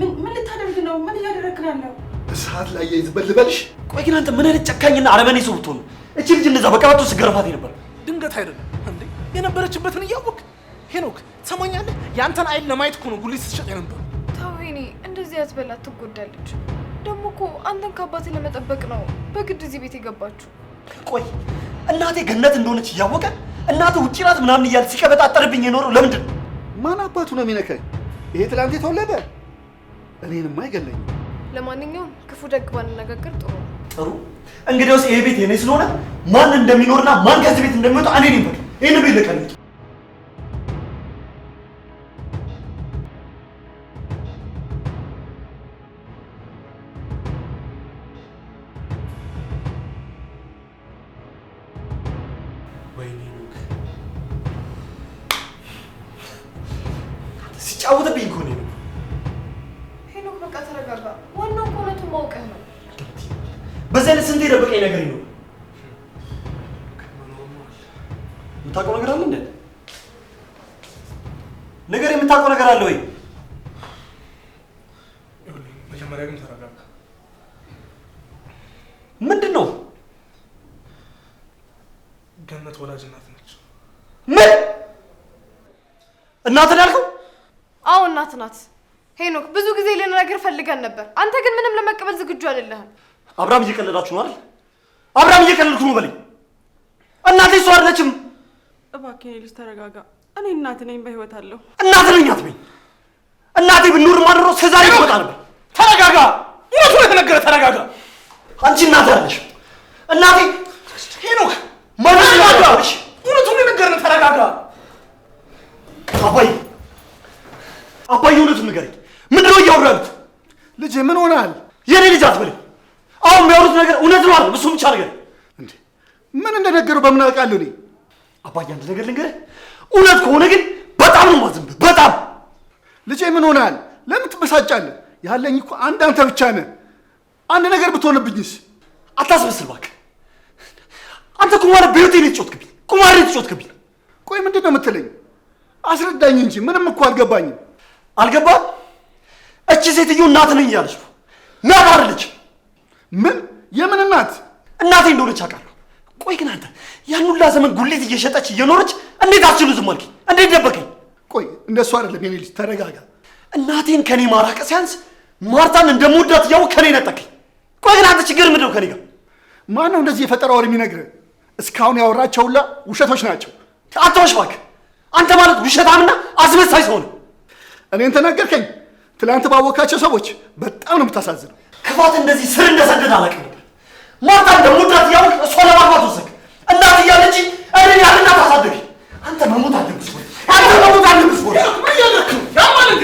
ምን ልታደርግ ነው? ምን እያደረግክ ነው ሰዓት ላይ ያይዝበል ልበልሽ። ቆይ ግን አንተ ምን አይነት ጨካኝና አረመኔ ሰው ብትሆን እቺ ልጅ እንደዛ በቀበቶ ስትገርፋት ነበር። ድንገት አይደለም እንዴ የነበረችበትን እያወቅ ሄኖክ፣ ትሰማኛለህ? የአንተን አይን ለማየት እኮ ነው ጉሊት ስትሸጥ የነበረው። ታዊኒ እንደዚህ ያዝበላት ትጎዳለች። ደግሞ እኮ አንተን ከአባትህ ለመጠበቅ ነው በግድ እዚህ ቤት የገባችሁ። ቆይ እናቴ ገነት እንደሆነች እያወቀ እናቴ ውጪ ናት ምናምን እያለ ሲቀበጣጠርብኝ የኖረው ለምንድን ነው? ማን አባቱ ነው የሚነካኝ? ይሄ ትላንት የተወለደ እኔንም አይገለኝም። ለማንኛውም ክፉ ደግ ባንነጋገር ጥሩ ጥሩ። እንግዲያውስ ይሄ ቤት የኔ ስለሆነ ማን እንደሚኖርና ማን ከዚህ ቤት እንደሚወጣ እኔ ይበል። ይህን ቤት ለቀልጥ መጀመሪያ ግን ተረጋጋ። ምንድን ነው? ገነት ወላጅ እናት ነች። ምን እናት ያልከው? አዎ እናት ናት። ሄኖክ ብዙ ጊዜ ልንነግር ፈልገን ነበር፣ አንተ ግን ምንም ለመቀበል ዝግጁ አይደለህም። አብርሃም እየቀለዳችሁ ነው አይደል? አብርሃም እየቀለድኩ ነው በለኝ። እናቴ እሷ አይደለችም። እባክህ ልጅ ተረጋጋ። እኔ እናት ነኝ፣ በህይወት አለሁ። እናት ነኝ አትበኝ። እናቴ ብኖር ማድሮ እስከ ዛሬ ይወጣ ነበር። ተረጋጋ። እውነቱ የተነገረ ተረጋጋ። አንቺ እናት አለሽ እናቴ ሄኖክ ማለሽ እውነቱን የነገርን ተረጋጋ። አባይ አባዬ እውነቱን ንገረኝ። ምንድን ነው እያወራሉት? ልጅ ምን ሆናል? የኔ ልጅ አትበለኝ። አሁን የሚያወሩት ነገር እውነት ነው አለ። እሱም ብቻ ነገር እንዴ ምን እንደነገሩ በምን አውቃለሁ እኔ። አባዬ አንድ ነገር ልንገርህ፣ እውነት ከሆነ ግን በጣም ነው ማዘንብ። በጣም ልጄ ምን ሆናል? ለምን ትበሳጫለህ? ያለኝ እኮ አንድ አንተ ብቻ ነህ። አንድ ነገር ብትሆንብኝስ? አታስመስል እባክህ። አንተ ቁማር በህይወቴ ነው የተጫወትክብኝ። ቁማር የተጫወትክብኝ። ቆይ ምንድን ነው የምትለኝ? አስረዳኝ እንጂ ምንም እኮ አልገባኝም። አልገባም? እቺ ሴትዮ እናት ነኝ እያለች ነው። ናት አይደለች? ምን የምን እናት? እናቴ እንደሆነች አውቃለሁ። ቆይ ግን አንተ ያን ሁላ ዘመን ጉሊት እየሸጠች እየኖረች እንዴት አስችሉ ዝም አልከኝ? እንዴት ደበቀኝ? ቆይ እንደሱ አይደለም የኔ ልጅ፣ ተረጋጋ። እናቴን ከኔ ማራቅ ሲያንስ ማርታን እንደ ሙዳት ያው ከኔ ነጠቀኝ። ቆይ ግን አንተ ችግር ምንድነው ከኔ ጋር? ማን ነው እንደዚህ የፈጠራ ወሬ የሚነግርህ? እስካሁን ያወራቸው ሁላ ውሸቶች ናቸው። አትዋሽ እባክህ። አንተ ማለት ውሸታምና አስመሳይ ሰው ነው። እኔን ተናገርከኝ። ትላንት ባወካቸው ሰዎች በጣም ነው የምታሳዝነው። ክፋት እንደዚህ ስር እንደሰደደ አላውቅም። ማርታ ሙዳት ያው እሷ ለማግባት ወሰንክ። እናት እያለች እኔ ያልና ታሳደግ አንተ መሞት አለብህ። አንተ መሞት አለብህ። ያ ማለት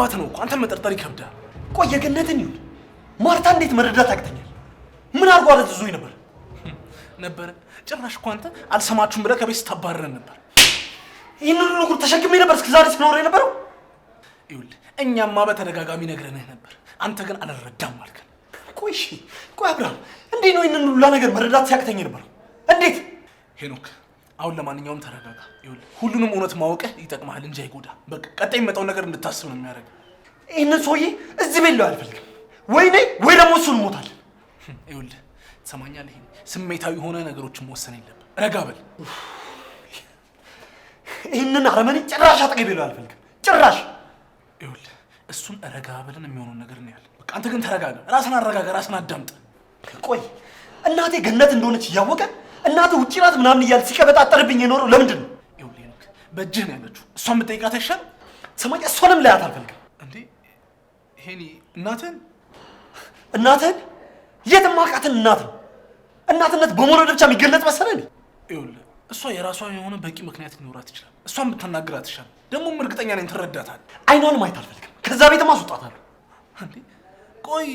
አባት ነው እኮ አንተን መጠርጠር ይከብዳል። ቆይ የገነትን ይሁን ማርታ እንዴት መረዳት አቅተኛል? ምን አድርጎ አለዝዞኝ ነበር ነበረ ጭራሽ እኮ አንተ አልሰማችሁም ብለህ ከቤት ስታባረረን ነበር። ይህን ሁሉ ጉድ ተሸክሜ ነበር እስከዛሬ ስኖር የነበረው። ይኸውልህ እኛማ በተደጋጋሚ ነግረንህ ነበር፣ አንተ ግን አልረዳም አልከን። ቆይ ቆይ አብርሃም እንዴት ነው ይህንን ሁላ ነገር መረዳት ሲያቅተኝ ነበር? እንዴት ሄኖክ፣ አሁን ለማንኛውም ተረጋጋ። ይኸውልህ ሁሉንም እውነት ማወቅህ ይጠቅመሃል እንጂ አይጎዳ። በቃ ቀጣይ የሚመጣውን ነገር እንድታስብ ነው የሚያደርግ ይህንን ሰውዬ እዚህ ቤት ለው አልፈልግም። ወይ ነይ ወይ ደግሞ እሱ እንሞታለን። ይኸውልህ ትሰማኛለህ፣ ስሜታዊ የሆነ ነገሮችን መወሰን የለብህ። ረጋ በል። ይህንን አረመኔ ጭራሽ አጠገቤ ለው አልፈልግም። ጭራሽ ይኸውልህ፣ እሱን ረጋ በልን የሚሆነውን ነገር እናያለን። በቃ አንተ ግን ተረጋጋ፣ ራስን አረጋጋ፣ ራስን አዳምጥ። ቆይ እናቴ ገነት እንደሆነች እያወቀ እናቴ ውጭ ናት ምናምን እያለ ሲቀበጣጠርብኝ የኖረው ለምንድን ነው? ይኸውልህ፣ በእጅህ ነው ያለችው። እሷ የምጠይቃት አይሻልም? ሰማኝ እሷንም ላያት አልፈልግም ሄኒ እናትን እናትን የትም አውቃትን እናት ነው። እናትነት በመውለድ ብቻ የሚገለጥ መሰለህ? ይኸውልህ እሷ የራሷ የሆነ በቂ ምክንያት ሊኖራት ይችላል። እሷን ብታናግራት ይሻላል። ደግሞም እርግጠኛ ነኝ ትረዳታል። አይኗን ማየት አልፈልግም። ከዛ ቤትም አስወጣታለሁ። ቆይ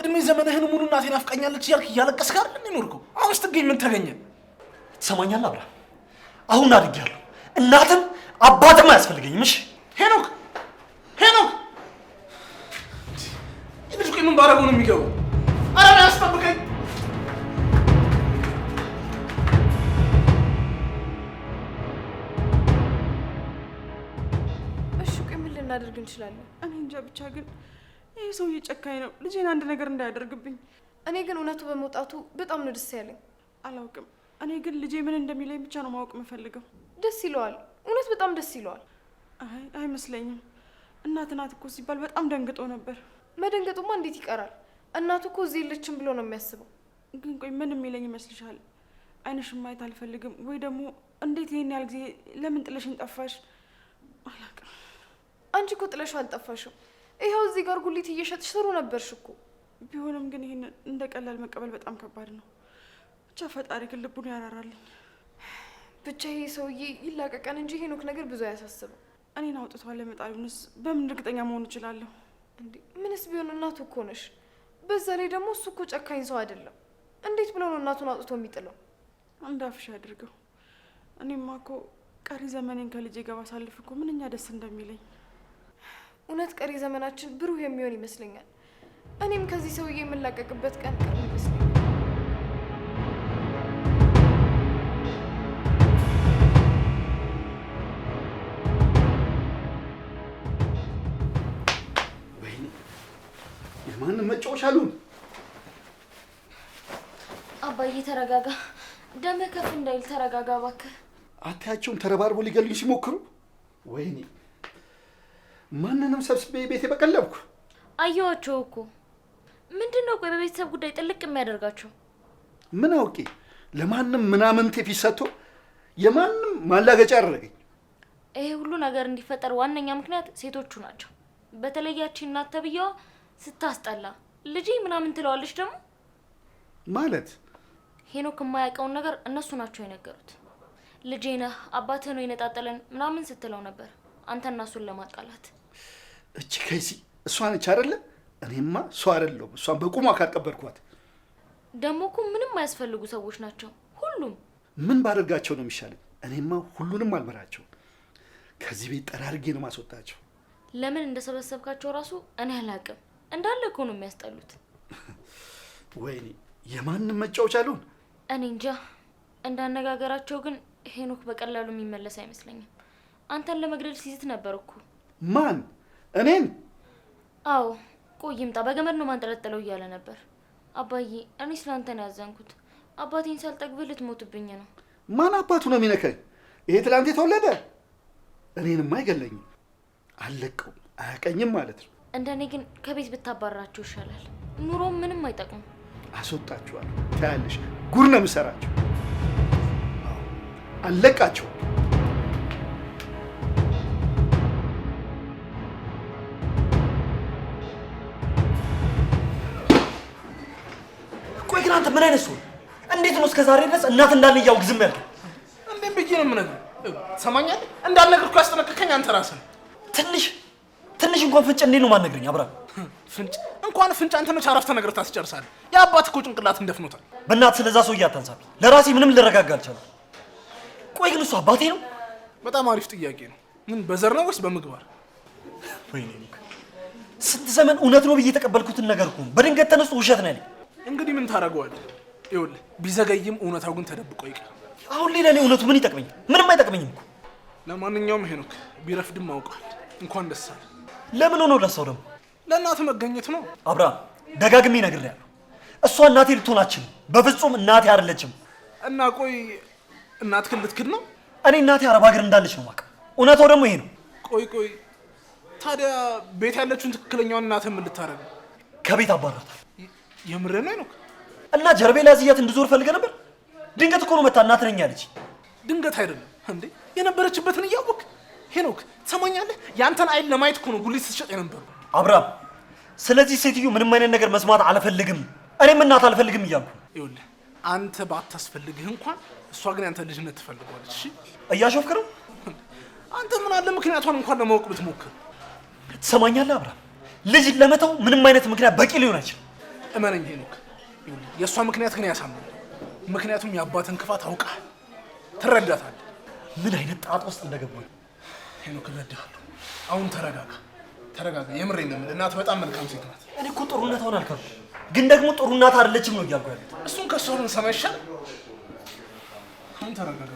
እድሜ ዘመንህን ሙሉ እናቴን ናፍቃኛለች እያልክ እያለቀስክ አይደል የኖርከው? አሁን ስትገኝ ምን ተገኘ? ትሰማኛለህ አብርሃም? አሁን አድጌያለሁ። እናትም አባትም አያስፈልገኝም። እሺ ሄኖክ ሄኖክ ትንሽ ቆይ፣ ምን ባረጉ ነው የሚገቡ? አረ አስጠብቀኝ። እሺ ቆይ፣ ምን ልናደርግ እንችላለን? እኔ እንጃ፣ ብቻ ግን ይህ ሰውዬ ጨካኝ ነው። ልጄን አንድ ነገር እንዳያደርግብኝ። እኔ ግን እውነቱ በመውጣቱ በጣም ነው ደስ ያለኝ። አላውቅም። እኔ ግን ልጄ ምን እንደሚለኝ ብቻ ነው ማወቅ የምፈልገው። ደስ ይለዋል፣ እውነት በጣም ደስ ይለዋል። አይ አይመስለኝም። እናት ናት እኮ ሲባል በጣም ደንግጦ ነበር። መደንገጡማ እንዴት ይቀራል? እናቱ እኮ እዚህ የለችም ብሎ ነው የሚያስበው። ግን ቆይ ምን የሚለኝ ይመስልሻል? አይንሽ ማየት አልፈልግም ወይ ደግሞ እንዴት ይሄን ያህል ጊዜ ለምን ጥለሽን ጠፋሽ? አንቺ እኮ ጥለሽ አልጠፋሽም። ይኸው እዚህ ጋር ጉሊት እየሸጥሽ ስሩ ነበርሽ እኮ። ቢሆንም ግን ይህን እንደ ቀላል መቀበል በጣም ከባድ ነው። ብቻ ፈጣሪ ግን ልቡን ያራራልኝ። ብቻ ይሄ ሰውዬ ይላቀቀን እንጂ ሄኖክ ነገር ብዙ አያሳስብም። እኔን አውጥቷ ለመጣሉንስ በምን እርግጠኛ መሆን እችላለሁ? እንዴ ምንስ ቢሆን እናቱ እኮ ነሽ። በዛ ላይ ደግሞ እሱ እኮ ጨካኝ ሰው አይደለም። እንዴት ብሎ ነው እናቱን አውጥቶ የሚጥለው? እንዳፍሽ አድርገው። እኔማ እኮ ቀሪ ዘመኔን ከልጄ ጋር ባሳልፍ እኮ ምንኛ ደስ እንደሚለኝ። እውነት ቀሪ ዘመናችን ብሩህ የሚሆን ይመስለኛል። እኔም ከዚህ ሰውዬ የምላቀቅበት ቀን ቀን ይመስለኛል። መጫወቻ አሉ አባዬ ተረጋጋ፣ ደም ከፍ እንዳይል ተረጋጋ እባክህ። አታያቸውም? ተረባርቦ ሊገሉኝ ሲሞክሩ። ወይኔ ማንንም ሰብስቤ ቤቴ በቀለብኩ። አየኋቸው እኮ። ምንድን ነው ቆይ በቤተሰብ ጉዳይ ጥልቅ የሚያደርጋቸው? ምን አውቄ ለማንም ምናምንቴ ፊት ሰጥቶ የማንም ማላገጫ አደረገኝ። ይሄ ሁሉ ነገር እንዲፈጠር ዋነኛ ምክንያት ሴቶቹ ናቸው። በተለያችን እናት ተብዬዋ ስታስጠላ ልጄ ምናምን ትለዋለች። ደግሞ ማለት ሄኖክ የማያውቀውን ነገር እነሱ ናቸው የነገሩት። ልጄ ነህ አባትህ ነው የነጣጠለን ምናምን ስትለው ነበር አንተና እሱን ለማጣላት። እቺ ከይሲ እሷ ነች አደለ እኔማ እሷ አይደለሁም። እሷን በቁሟ ካልቀበርኳት ደግሞ እኮ ምንም አያስፈልጉ ሰዎች ናቸው ሁሉም። ምን ባደርጋቸው ነው የሚሻለኝ? እኔማ ሁሉንም አልመራቸው። ከዚህ ቤት ጠራርጌ ነው ማስወጣቸው። ለምን እንደሰበሰብካቸው ራሱ እኔ አላቅም እንዳለ እኮ ነው የሚያስጠሉት። ወይኔ የማንም መጫወቻ አልሆን። እኔ እንጃ። እንዳነጋገራቸው ግን ሄኖክ በቀላሉ የሚመለስ አይመስለኝም። አንተን ለመግደል ሲዝት ነበር እኮ። ማን? እኔን? አዎ። ቆይ ይምጣ፣ በገመድ ነው ማንጠለጠለው እያለ ነበር። አባዬ፣ እኔ ስለአንተ ነው ያዘንኩት። አባቴን ሳልጠግብህ ልትሞትብኝ ነው። ማን አባቱ ነው የሚነካኝ? ይሄ ትላንት የተወለደ እኔንም አይገለኝም። አልለቀውም፣ አያቀኝም ማለት ነው። እንደኔ ግን ከቤት ብታባራችሁ ይሻላል። ኑሮ ምንም አይጠቅሙም። አስወጣችኋል። ታያለሽ፣ ጉር ነው የምሰራችሁ። አለቃቸው ቆይ ግን አንተ ምን አይነት ሰው እንዴት ነው እስከ ዛሬ ድረስ እናት እንዳለ እያወቅ ዝም ያልከው? እንዴም ብዬ ነው የምነግርህ? ሰማኛል እንዳልነግርኩህ ያስጠነቀቀኝ አንተ ራስህ ትንሽ ትንሽ እንኳን ፍንጭ እንዴት ነው ማነግረኝ? አብራ ፍንጭ እንኳን ፍንጭ አንተ መች አረፍተ ነገር ታስጨርሳለህ? የአባት እኮ ጭንቅላት እንደፍኖታል። በእናት ስለዛ ሰው አታንሳብኝ። ለራሴ ምንም ልረጋጋ አልቻለሁ። ቆይ ግን እሱ አባቴ ነው? በጣም አሪፍ ጥያቄ ነው። ምን በዘር ነው ወይስ በምግባር? ስንት ዘመን እውነት ነው ብዬ የተቀበልኩትን ነገር እኮ በድንገት ተነስቶ ውሸት ነው እንግዲህ ምን ታደርገዋለህ? ይኸውልህ ቢዘገይም እውነታው ግን ተደብቆ ይቀር። አሁን ሌላ ላይ እውነቱ ምን ይጠቅመኛል? ምንም አይጠቅመኝም እኮ። ለማንኛውም ሄኖክ ቢረፍድም አውቀዋል። እንኳን ደስ አለ ለምን ሆኖ ለሰው ደግሞ ለእናት መገኘት ነው። አብርሃም ደጋግሜ ነግሬያለሁ። እሷ እናቴ ልትሆናችን በፍጹም እናቴ አይደለችም። እና ቆይ እናት ክን ልትክድ ነው? እኔ እናቴ አረብ ሀገር እንዳለች ነው የማውቀው። እውነታው ደግሞ ይሄ ነው። ቆይ ቆይ ታዲያ ቤት ያለችውን ትክክለኛውን እናት ምን ልታደርግ? ከቤት አባራታል። የምር ነው ነው እና ጀርቤ ላይ ዝያት እንድዞር ፈልገ ነበር። ድንገት እኮ ነው መታ እናት ነኝ ድንገት አይደለም እንዴ የነበረችበትን እያወቅ ሄኖክ ትሰማኛለህ? ያንተን አይን ለማየት እኮ ነው ጉሊት ስትሸጥ የነበሩ አብራም ስለዚህ ሴትዮ ምንም አይነት ነገር መስማት አልፈልግም፣ እኔም እናት አልፈልግም እያልኩ ይኸውልህ፣ አንተ ባታስፈልግህ እንኳን እሷ ግን ያንተ ልጅነት ትፈልገዋለች። እሺ፣ እያሾፍክ ነው አንተ። ምን አለ ምክንያቷን እንኳን ለማወቅ ብትሞክር። ትሰማኛለህ አብርሃም፣ ልጅ ለመተው ምንም አይነት ምክንያት በቂ ሊሆን አይችልም። እመነኝ ሄኖክ፣ የእሷ ምክንያት ግን ያሳምናል። ምክንያቱም የአባትን ክፋት አውቃል፣ ትረዳታለህ። ምን አይነት ጣጣ ውስጥ እንደገባ ሄኖክ እረዳሃለሁ። አሁን ተረጋጋ፣ ተረጋጋ። የምሬን ነው የምልህ። እናት በጣም መልካም ሴት ናት። እኔ እኮ ጥሩ እናት አሁን አልከም፣ ግን ደግሞ ጥሩ እናት አይደለችም ነው እያልኩ ያለሁት። እሱን ከእሷ ልንሰማ ይሻላል። አሁን ተረጋጋ።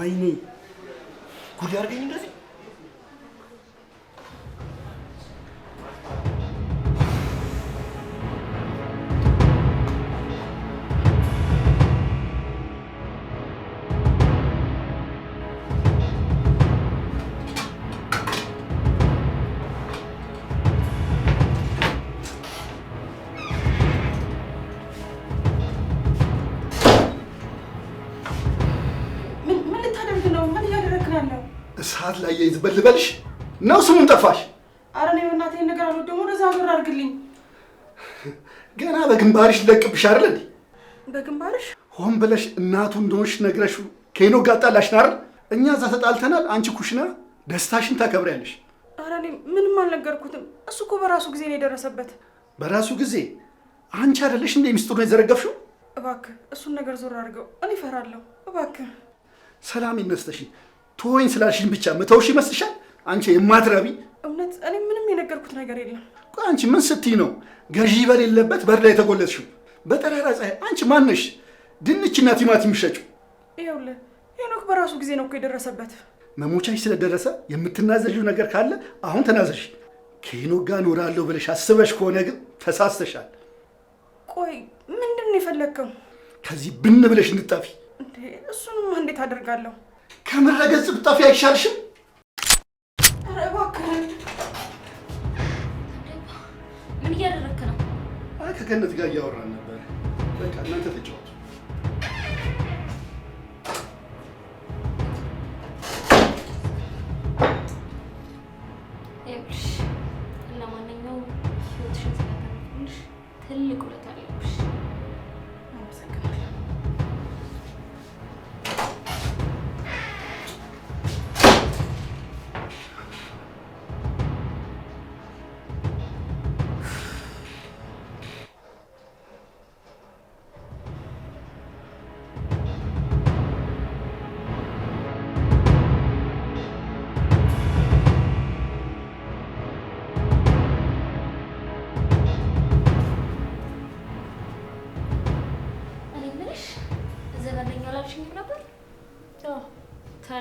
ወይኔ ጉድ አድርገኝ እንደዚህ ላያይዝበት ልበልሽ ነው ስሙም ጠፋሽ። አረ እኔ በእናትህ ነገር አሉ ደግሞ ወደዛ ብር አድርግልኝ። ገና በግንባርሽ ለቅብሽ አይደል እንዴ? በግንባርሽ ሆን ብለሽ እናቱ እንደሆንሽ ነግረሽ ከኖ ጋጣላሽ ናር። እኛ እዛ ተጣልተናል። አንቺ ኩሽና ደስታሽን ታከብሪያለሽ። አረ እኔ ምንም አልነገርኩትም። እሱ እኮ በራሱ ጊዜ ነው የደረሰበት። በራሱ ጊዜ አንቺ አይደለሽ እንደ ሚስጥሩን የዘረገፍሽው። እባክህ እሱን ነገር ዞር አድርገው። እኔ እፈራለሁ። እባክህ ሰላም ትሆኝ ስላልሽኝ ብቻ መተውሽ ይመስልሻል? አንቺ የማትረቢ እውነት። እኔ ምንም የነገርኩት ነገር የለም። አንቺ ምን ስትይ ነው ገዢ በሌለበት በር ላይ የተጎለጥሽው? በጠራራ ፀሐይ አንቺ ማነሽ? ድንችና ቲማቲም የሚሸጪው? ይኸውልህ ሄኖክ በራሱ ጊዜ ነው እኮ የደረሰበት። መሞቻሽ ስለደረሰ የምትናዘዥው ነገር ካለ አሁን ተናዘዥ። ከሄኖክ ጋር እኖራለሁ ብለሽ አስበሽ ከሆነ ግን ተሳስተሻል። ቆይ ምንድን ነው የፈለግከው? ከዚህ ብን ብለሽ እንድጠፊ። እሱንማ እንዴት አደርጋለሁ? ከምድረ ገጽ ብጠፊ አይሻልሽም? ኧረ እባክህ ምን ነው? ከገነት ጋር እያወራን ነበር። በቃ እናንተ ተጫወቱ።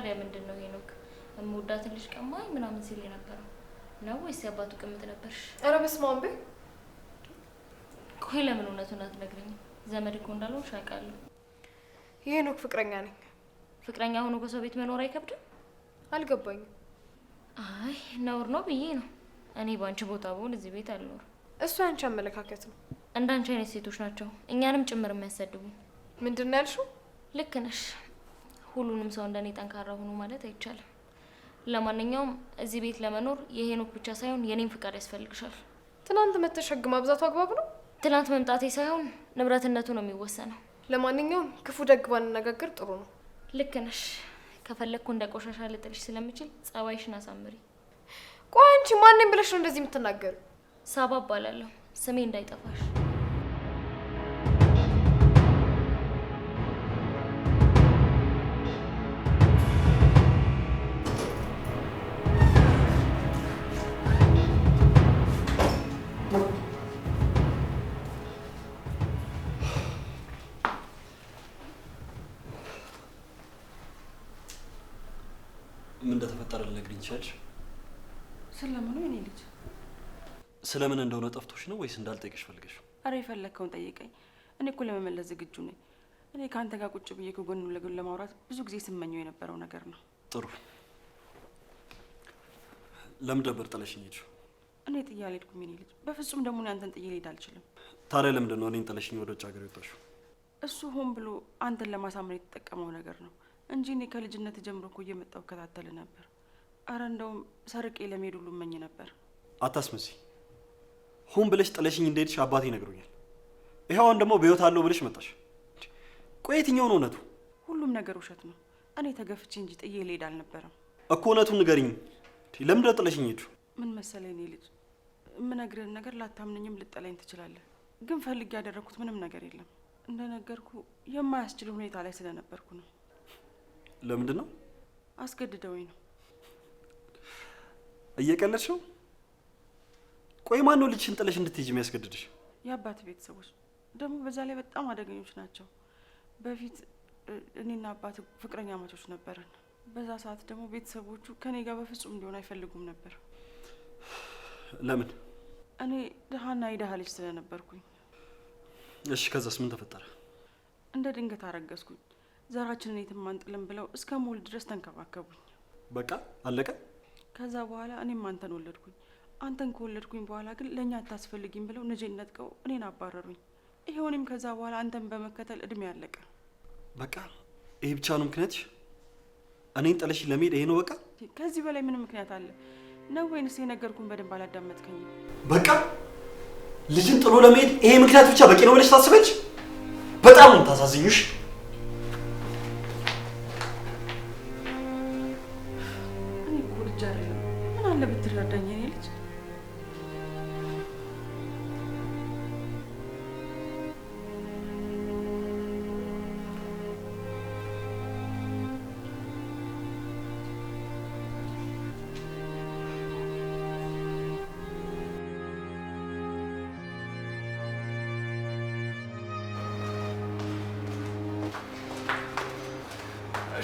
ታዲያ ምንድን ነው ሄኖክ የምወዳትን ልጅ ቀማኝ ምናምን ሲል የነበረው ነው ወይስ የአባቱ ቅምጥ ነበርሽ? ኧረ በስመ አብ! ቆይ ለምን እውነቱን አትነግረኝም? ዘመድ እኮ እንዳልሆንሽ አውቃለሁ። የሄኖክ ፍቅረኛ ነኝ። ፍቅረኛ ሆኖ በሰው ቤት መኖር አይከብድም? አልገባኝም። አይ ነውር ነው ብዬ ነው። እኔ በአንቺ ቦታ ብሆን እዚህ ቤት አልኖርም። እሱ ያንቺ አመለካከት ነው። እንዳንቺ አይነት ሴቶች ናቸው እኛንም ጭምር የሚያሳድቡ። ምንድን ነው ያልሽው? ልክ ነሽ። ሁሉንም ሰው እንደኔ ጠንካራ ሆኖ ማለት አይቻልም። ለማንኛውም እዚህ ቤት ለመኖር የሄኖክ ብቻ ሳይሆን የኔም ፍቃድ ያስፈልግሻል። ትናንት መተሽ ህግ ማብዛቱ አግባብ ነው? ትናንት መምጣቴ ሳይሆን ንብረትነቱ ነው የሚወሰነው። ለማንኛውም ክፉ ደግ ባንነጋገር ጥሩ ነው። ልክ ነሽ። ከፈለግኩ እንደ ቆሻሻ ልጥልሽ ስለምችል ጸባይሽን አሳምሪ። ቆይ አንቺ ማንም ብለሽ ነው እንደዚህ የምትናገሩ? ሳባ እባላለሁ ስሜ እንዳይጠፋሽ። ትችያለሽ? ስለምኑ? የኔ ልጅ ስለምን እንደሆነ ጠፍቶሽ ነው ወይስ እንዳልጠይቅሽ ፈልገሽ? አረ የፈለግከውን ጠይቀኝ። እኔ እኮ ለመመለስ ዝግጁ ነኝ። እኔ ከአንተ ጋር ቁጭ ብዬ ጎን ለጎን ለማውራት ብዙ ጊዜ ስመኘው የነበረው ነገር ነው። ጥሩ። ለምን ነበር ጥለሽኝ ሄድሽ? እኔ ጥዬ አልሄድኩም የኔ ልጅ። በፍጹም ደግሞ እኔ አንተን ጥዬ ልሄድ አልችልም። ታዲያ ለምንድን ነው እኔን ጥለሽኝ ወደ ውጭ ሀገር የወጣሽው? እሱ ሆን ብሎ አንተን ለማሳመን የተጠቀመው ነገር ነው እንጂ እኔ ከልጅነት ጀምሮ እኮ እየመጣው እከታተል ነበር። አረ እንደውም ሰርቄ ለመሄድ ሁሉ እመኝ ነበር። አታስመሲ። ሁን ብለሽ ጥለሽኝ እንደሄድሽ አባቴ ነግሮኛል። ይኸዋን ደግሞ በህይወት አለው ብለሽ መጣሽ። ቆይ የትኛውን እውነቱ? ሁሉም ነገር ውሸት ነው። እኔ ተገፍቼ እንጂ ጥዬ ልሄድ አልነበረም እኮ። እውነቱን ንገሪኝ። ለምንድነው ጥለሽኝ ሄድሽ? ምን መሰለኝ እኔ ልጅ፣ የምነግርህን ነገር ላታምንኝም ልጠላኝ ትችላለህ። ግን ፈልጌ ያደረግኩት ምንም ነገር የለም። እንደነገርኩ የማያስችል ሁኔታ ላይ ስለነበርኩ ነው። ለምንድን ነው? አስገድደውኝ ነው እየቀለሽው ቆይ ማን ነው ልጅሽን ጥለሽ እንድትሄጂ የሚያስገድድሽ? የአባት ቤተሰቦች ደግሞ በዛ ላይ በጣም አደገኞች ናቸው። በፊት እኔና አባት ፍቅረኛ ማቾች ነበረን። በዛ ሰዓት ደግሞ ቤተሰቦቹ ከኔ ጋር በፍጹም እንዲሆን አይፈልጉም ነበር። ለምን? እኔ ድሃና የድሃ ልጅ ስለነበርኩኝ። እሺ፣ ከዛስ ምን ተፈጠረ? እንደ ድንገት አረገዝኩኝ። ዘራችንን የትም አንጥልም ብለው እስከ ሞል ድረስ ተንከባከቡኝ። በቃ አለቀ። ከዛ በኋላ እኔም አንተን ወለድኩኝ። አንተን ከወለድኩኝ በኋላ ግን ለእኛ አታስፈልጊም ብለው ልጄን ነጥቀው እኔን አባረሩኝ። ይኸው እኔም ከዛ በኋላ አንተን በመከተል እድሜ አለቀ በቃ ይህ ብቻ ነው ምክንያትሽ? እኔን ጥለሽ ለመሄድ ይሄ ነው በቃ? ከዚህ በላይ ምን ምክንያት አለ ነው? ወይንስ የነገርኩን በደንብ አላዳመጥከኝ በቃ ልጅን ጥሎ ለመሄድ ይሄ ምክንያት ብቻ በቂ ነው ብለሽ ታስበች? በጣም ነው ታሳዝኙሽ።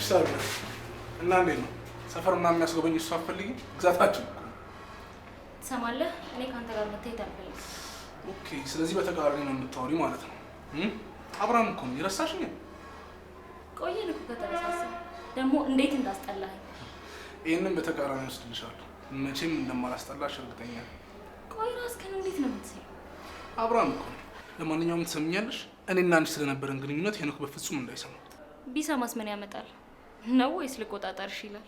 ፒሳብ እና እንዴት ነው ሰፈር ምናምን የሚያስጎበኝ እሱ አትፈልጊም? ግዛታችን ትሰማለህ። እኔ ከአንተ ጋር መታየት አልፈልግም። ኦኬ፣ ስለዚህ በተቃራኒ ነው የምታወሪው ማለት ነው። አብርሃም እኮ ነው የረሳሽኝ። ቆየን እኮ ከተረሳሰ ደግሞ እንዴት እንዳስጠላኝ። ይህንም በተቃራኒ ወስድልሻለሁ። መቼም እንደማላስጠላሽ እርግጠኛ ነኝ። ቆይ ራስህን እንዴት ነው የምትሰይው? አብርሃም እኮ ለማንኛውም ትሰምኛለሽ? እኔና አንቺ ስለነበረን ግንኙነት ሄኖክ በፍጹም እንዳይሰማ። ቢሰማስ ምን ያመጣል? ነው ወይስ ልቆጣጠርሽ ይላል?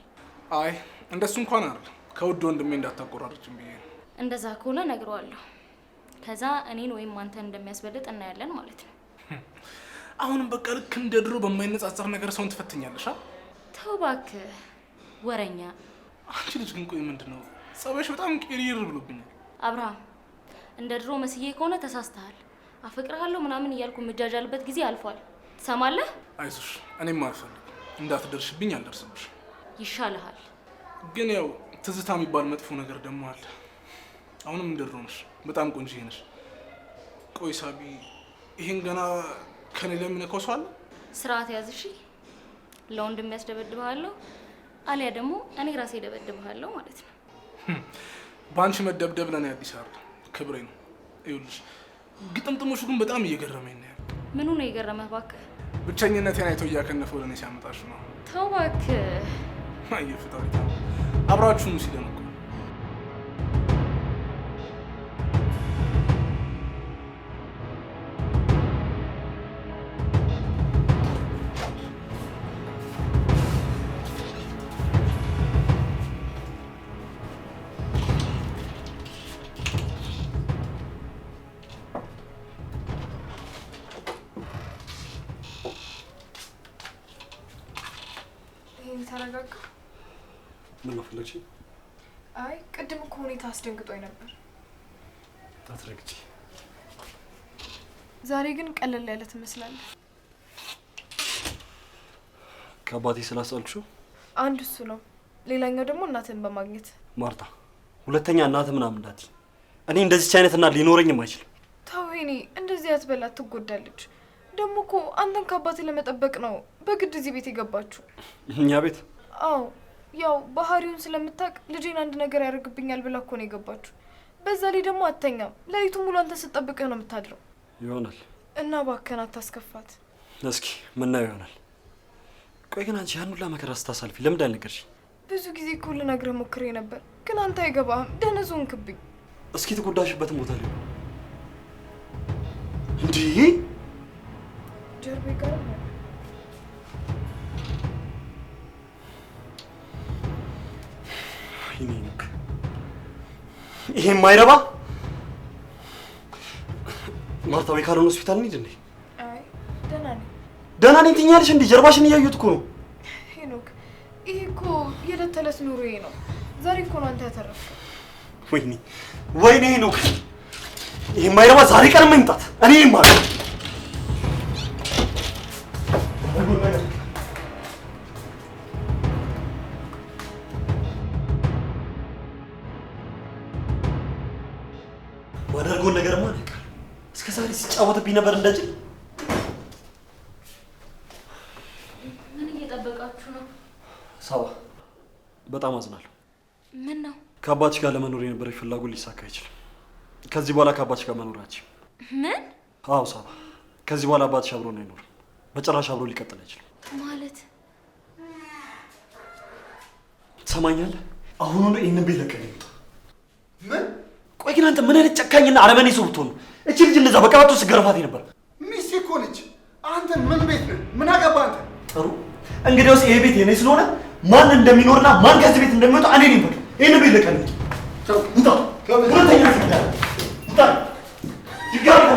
አይ እንደሱ እንኳን አይደል፣ ከውድ ወንድሜ እንዳታቆራረጭም ብዬ ነው። እንደዛ ከሆነ ነግረዋለሁ። ከዛ እኔን ወይም አንተን እንደሚያስበልጥ እናያለን ማለት ነው። አሁንም በቃ ልክ እንደ ድሮ በማይነጻጸር ነገር ሰውን ትፈትኛለሽ። ተው እባክህ ወረኛ። አንቺ ልጅ ግን ቆይ ምንድን ነው በጣም ቅይር ብሎብኛል። አብርሃም እንደ ድሮ መስዬ ከሆነ ተሳስተሃል። አፈቅርሃለሁ ምናምን እያልኩ ምጃጃልበት ጊዜ አልፏል። ትሰማለህ? አይዞሽ እኔም አልፈልግ እንዳትደርሽብኝ አልደርስብሽ። ይሻልሃል። ግን ያው ትዝታ የሚባል መጥፎ ነገር ደግሞ አለ። አሁንም እንደድሮ ነሽ፣ በጣም ቆንጆ ነሽ። ቆይ ሳቢ፣ ይሄን ገና ከኔ ለሚነካው ሰው አለ። ስርዓት ያዝሽ። ለወንድም ያስደበድብሃለሁ፣ አሊያ ደግሞ እኔ ራሴ ደበድብሃለሁ ማለት ነው። በአንቺ መደብደብ ለእኔ አዲስ አይደለም፣ ክብሬ ነው። ይኸውልሽ፣ ግጥምጥሞቹ ግን በጣም እየገረመኝ ነው። ምኑ ነው የገረመህ? እባክህ ብቸኝነቴን አይቶ እያከነፈ ወደ እኔ ሲያመጣሽ ነው። ተው እባክህ። አብራችሁ ሲደነው ተረጋጋ። ምን ፈለግሽ? አይ ቅድም እኮ ሁኔታ አስደንግጦኝ ነበር። ታትረግጂ። ዛሬ ግን ቀለል ያለ ትመስላለህ። ከአባቴ ስላስጣልኩሽ አንድ እሱ ነው። ሌላኛው ደግሞ እናትን በማግኘት ማርታ፣ ሁለተኛ እናት ምናምን እንዳትዪ። እኔ እንደዚች አይነት እናት ሊኖረኝም አይችልም። ተው፣ እኔ እንደዚህ አትበላት፣ ትጎዳለች ደግሞ እኮ አንተን ከአባት ለመጠበቅ ነው በግድ እዚህ ቤት የገባችሁ። እኛ ቤት? አዎ፣ ያው ባህሪውን ስለምታውቅ ልጄን አንድ ነገር ያደርግብኛል ብላ እኮ ነው የገባችሁ። በዛ ላይ ደግሞ አተኛም፣ ሌሊቱን ሙሉ አንተን ስጠብቅህ ነው የምታድረው። ይሆናል እና እባክህን አታስከፋት። እስኪ ምናየው ይሆናል። ቆይ ግን አንቺ ያን ሁላ መከራ ስታሳልፊ ለምን አልነገርሽ? ብዙ ጊዜ እኮ ልነግርህ ሞክሬ ነበር፣ ግን አንተ አይገባህም። ደነዝ ሆንክብኝ። እስኪ ትጎዳሽበትን ቦታ ላይ እንዲህ ጀርባ ይቀር። ይሄ የማይረባ ማርታ፣ ወይ ካልሆነ ሆስፒታል እንሂድ እንዴ? አይ ደህና ነኝ፣ ደህና ነኝ ትኛለሽ እንዴ? ጀርባሽን እያዩት እኮ ነው። ሄኖክ፣ ይሄ እኮ የዕለት ተዕለት ኑሮዬ ነው። ዛሬ እኮ ነው አንተ ያተረፍከው። ወይኔ ወይኔ ሄኖክ፣ ይሄ የማይረባ ዛሬ ቀን መምጣት እኔ ማለት ትወጣብኝ ነበር እንደዚህ። ምን እየጠበቃችሁ ነው? ሳባ በጣም አዝናለሁ። ምን ነው? ከአባትሽ ጋር ለመኖር የነበረች ፍላጎት ሊሳካ አይችልም። ከዚህ በኋላ ከአባትሽ ጋር መኖር ምን? አዎ ሳባ፣ ከዚህ በኋላ አባትሽ ነው ይኖር። በጭራሽ አብሮ ሊቀጥል አይችልም። ማለት ትሰማኛለህ? አሁኑኑ ይህንን ቤት ለቀህ ምን? ቆይ ግን አንተ ምን አይነት ጨካኝና አረመኔ ሰው ብትሆን ነው እቺ ልጅ እንደዛ በቃ ባቶ ስገርፋት ነበር። ሚስቴ እኮ ነች። አንተ ምን ቤት ነህ? ምን አገባ አንተ? ጥሩ እንግዲያውስ ይሄ ቤት የኔ ስለሆነ ማን እንደሚኖርና ማን ከዚህ ቤት እንደሚወጣ እኔ ነኝ። በቃ ይሄን ቤት ለቀን ውጣ። ሁለተኛ ይጋር